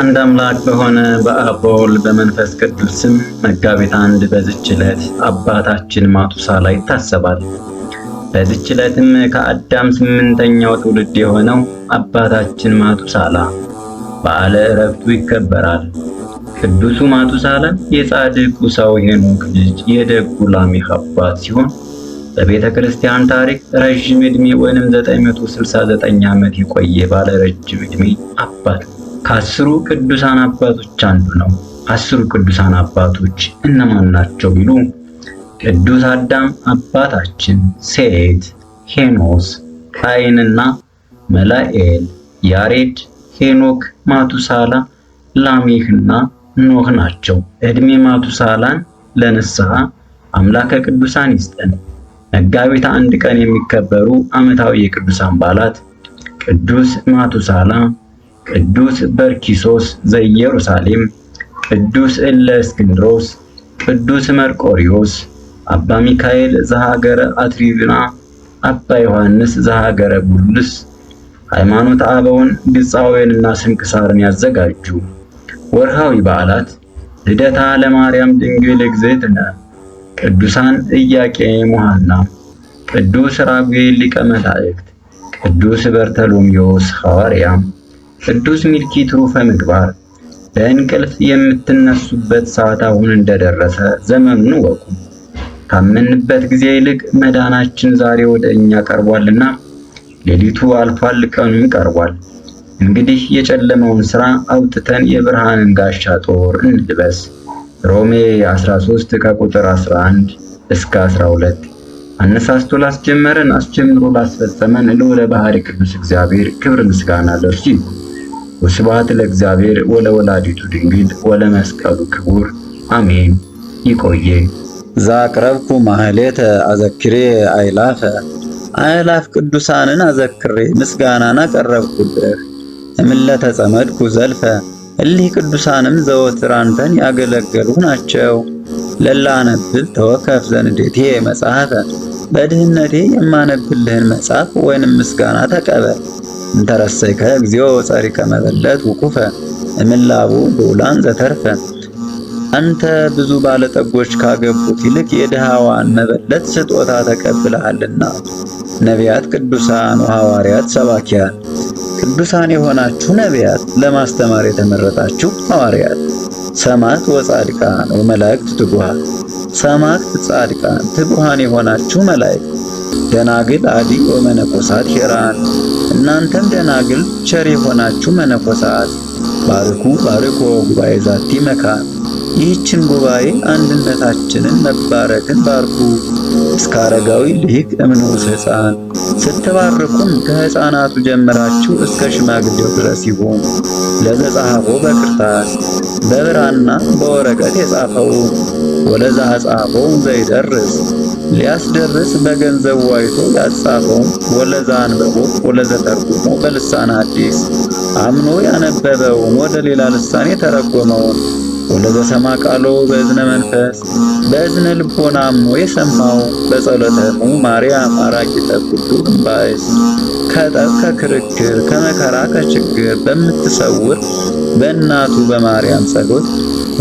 አንድ አምላክ በሆነ በአብ በወልድ በመንፈስ ቅዱስ ስም መጋቢት አንድ በዚች ዕለት አባታችን ማቱሳላ ይታሰባል። በዚች ዕለትም ከአዳም ስምንተኛው ትውልድ የሆነው አባታችን ማቱሳላ በዓለ ዕረፍቱ ይከበራል። ቅዱሱ ማቱሳላ የጻድቁ ሰው ሄኖክ ልጅ የደጉ ላሜሕ አባት ሲሆን በቤተ ክርስቲያን ታሪክ ረዥም ዕድሜ ወይም 969 ዓመት የቆየ ባለ ረጅም ዕድሜ አባት ነው። ከአስሩ ቅዱሳን አባቶች አንዱ ነው። አስሩ ቅዱሳን አባቶች እነማን ናቸው ቢሉ ቅዱስ አዳም አባታችን፣ ሴት፣ ሄኖስ፣ ቃይንና መላኤል፣ ያሬድ፣ ሄኖክ፣ ማቱሳላ፣ ላሜህና ኖህ ናቸው። እድሜ ማቱሳላን ለንስሐ አምላከ ቅዱሳን ይስጠን። መጋቢት አንድ ቀን የሚከበሩ ዓመታዊ የቅዱሳን በዓላት ቅዱስ ማቱሳላ ቅዱስ በርኪሶስ ዘኢየሩሳሌም፣ ቅዱስ እለእስክንድሮስ፣ ቅዱስ መርቆሪዎስ፣ አባ ሚካኤል ዘሃገረ አትሪብና፣ አባ ዮሐንስ ዘሀገረ ቡልስ ሃይማኖት አበውን ግጻዌንና ስንክሳርን ያዘጋጁ። ወርሃዊ በዓላት ልደታ ለማርያም ድንግል እግዝእትነ፣ ቅዱሳን ኢያቄም ወሐና፣ ቅዱስ ራጉኤል ሊቀ መላእክት፣ ቅዱስ በርተሎሜዎስ ሐዋርያም ቅዱስ ሚልኪ ትሩፈ ምግባር በእንቅልፍ የምትነሱበት ሰዓት አሁን እንደደረሰ ዘመኑን ወቁ። ካመንበት ጊዜ ይልቅ መዳናችን ዛሬ ወደ እኛ ቀርቧልና ሌሊቱ አልፏል፣ ቀኑም ቀርቧል። እንግዲህ የጨለመውን ሥራ አውጥተን የብርሃንን ጋሻ ጦር እንልበስ። ሮሜ 13 ከቁጥር 11 እስከ 12። አነሳስቶ ላስጀመረን አስጀምሮ ላስፈጸመን ልዑለ ባሕሪ ቅዱስ እግዚአብሔር ክብር ምስጋና ለእርሱ ይሁን። ወስብሐት ለእግዚአብሔር ወለወላዲቱ ድንግል ወለመስቀሉ ክቡር አሜን። ይቆየ ዛቅረብኩ ማህሌተ አዘክሬ አይላፈ አይላፍ ቅዱሳንን አዘክሬ ምስጋናን አቀረብኩልህ። እምለተ ጸመድኩ ዘልፈ እሊህ ቅዱሳንም ዘወትር አንተን ያገለገሉ ናቸው። ለላነብብ ተወከፍ ዘንዴቴ መጽሐፈ በድህነቴ የማነብልህን መጽሐፍ ወይንም ምስጋና ተቀበል። እንተረሰይከ እግዚኦ ጸሪከ መበለት ውቁፈ እምላቡ ብዑላን ዘተርፈ አንተ ብዙ ባለጠጎች ካገቡት ይልቅ የድሃዋን መበለት ስጦታ ተቀብለሃልና። ነቢያት፣ ቅዱሳን፣ ሐዋርያት፣ ሰባኪያን ቅዱሳን የሆናችሁ ነቢያት፣ ለማስተማር የተመረጣችሁ ሐዋርያት፣ ሰማዕት ወጻድቃን ወመላእክት ትጉሃን፣ ሰማዕት ጻድቃን ትጉሃን የሆናችሁ መላእክት ደናግል አዲ ወመነኮሳት ሄራን እናንተም ደናግል ቸር የሆናችሁ መነኮሳት ባርኩ ባርኮ ጉባኤ ዛቲ መካን ይህችን ጉባኤ አንድነታችንን መባረክን ባርኩ እስከ አረጋዊ ልሂቅ እምንዑስ ሕፃን ስትባርኩም ከሕፃናቱ ጀምራችሁ እስከ ሽማግሌው ድረስ ይሁን። ለዘጻሐፎ በክርታስ በብራና በወረቀት የጻፈው ወለዛ ጻፎ ዘይደርስ ሊያስደርስ በገንዘብ ዋይቶ ያጻፈውን ወለዛ አንብቦ ወለዘ ተርጉሞ በልሳን አዲስ አምኖ ያነበበውን ወደ ሌላ ልሳን የተረጎመውን ወለዘ ሰማ ቃሎ በእዝነ መንፈስ በእዝነ ልቦና አምኖ የሰማው በጸሎተሙ ማርያም አራቂተ ኩሉ እምባእስ ከጠብ ከክርክር ከመከራ ከችግር በምትሰውር በእናቱ በማርያም ጸሎት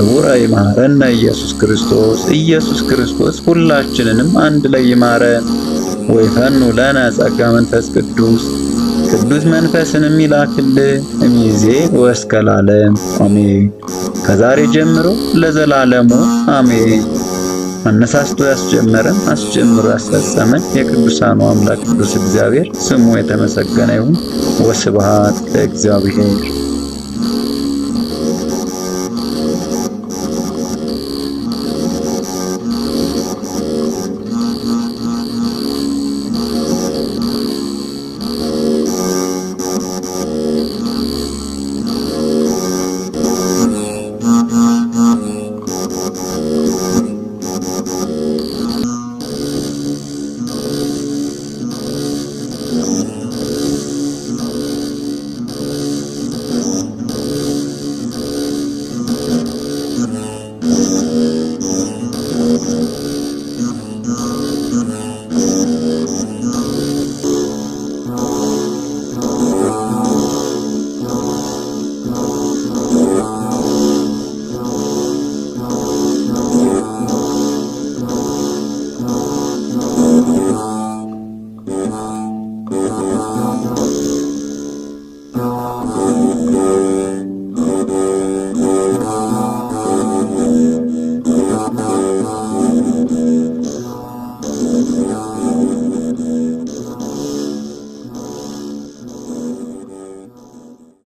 ክቡረ ይማረን ኢየሱስ ክርስቶስ ኢየሱስ ክርስቶስ ሁላችንንም አንድ ላይ ይማረን። ወይፈኑ ለነ ጸጋ መንፈስ ቅዱስ ቅዱስ መንፈስንም ይላክልን እምይእዜ ወእስከ አሜን። ከዛሬ ጀምሮ ለዘላለሙ አሜን። አነሳስቶ ያስጀመረን አስጀምሮ ያስፈጸመን የቅዱሳኑ አምላክ ቅዱስ እግዚአብሔር ስሙ የተመሰገነ ይሁን። ወስብሐት ለእግዚአብሔር።